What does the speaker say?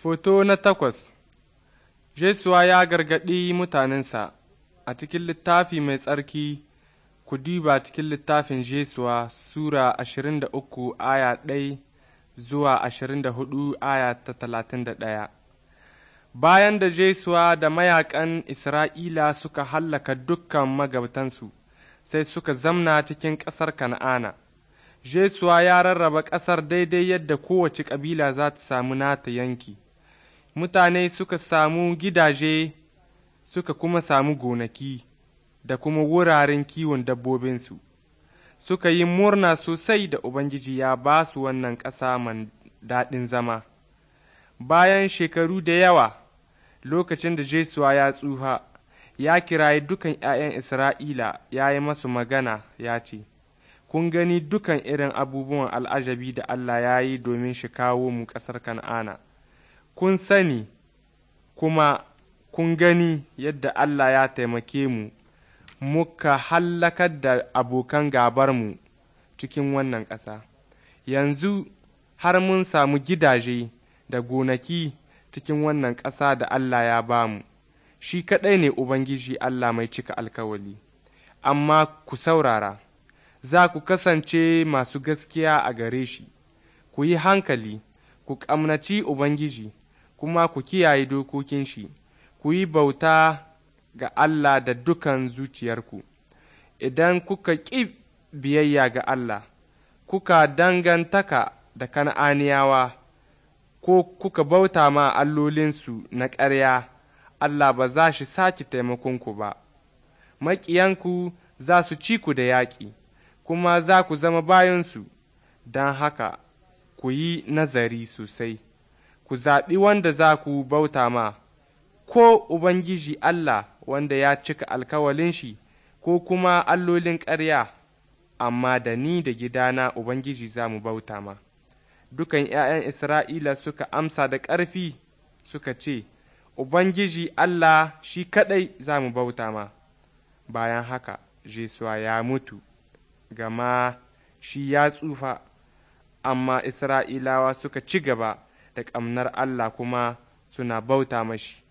Foto na takwas Jesuwa ya gargaɗi mutanensa a cikin littafi mai tsarki ku duba cikin littafin Jesuwa Sura ashirin da uku aya ɗai zuwa ashirin da hudu aya ta talatin da ɗaya. Bayan da Jesuwa da mayaƙan Isra'ila suka hallaka dukkan magabtansu, sai suka zamna cikin ƙasar Kan'ana. Jesuwa ya rarraba ƙasar daidai yadda kowace ƙabila za ta samu nata yanki. mutane suka samu gidaje suka kuma samu gonaki da kuma wuraren kiwon dabbobinsu, suka yi murna sosai da Ubangiji ya ba su wannan ƙasa man daɗin zama. Bayan shekaru da yawa, lokacin da Jesuwa ya tsufa ya kiraye dukan ’ya'yan Isra'ila ya yi masu magana ya ce, Kun gani dukan irin abubuwan al'ajabi da Allah ya yi domin shi kawo mu ƙasar Kan'ana. kun sani kuma kun gani yadda Allah ya taimake mu, muka hallakar da abokan gabarmu cikin wannan ƙasa. Yanzu har mun samu gidaje da gonaki cikin wannan ƙasa da Allah ya ba mu, shi kaɗai ne Ubangiji Allah mai cika alkawali. Amma ku saurara, za ku kasance masu gaskiya a gare shi, ku yi hankali, ku ƙamnaci Ubangiji. kuma ku kiyaye dokokin shi, ku yi bauta ga Allah da dukan zuciyarku, idan kuka ƙi biyayya ga Allah, kuka dangantaka da kan'aniyawa, ko kuka bauta ma allolinsu na ƙarya, Allah ba za shi sake taimakonku ba, maƙiyanku za su ci ku da yaƙi, kuma za ku zama bayansu, don haka ku yi nazari sosai. ku zaɓi wanda za ku bauta ma, ko Ubangiji Allah wanda ya cika alkawalin shi, ko kuma allolin ƙarya, amma da ni da gidana Ubangiji za mu bauta ma. Dukan ’ya'yan Isra'ila suka amsa da ƙarfi suka ce, Ubangiji Allah shi kaɗai za mu bauta ma. Bayan haka, Jesuwa ya mutu, gama shi ya tsufa, amma Isra'ilawa suka ci gaba. da ƙamnar Allah kuma suna bauta mashi.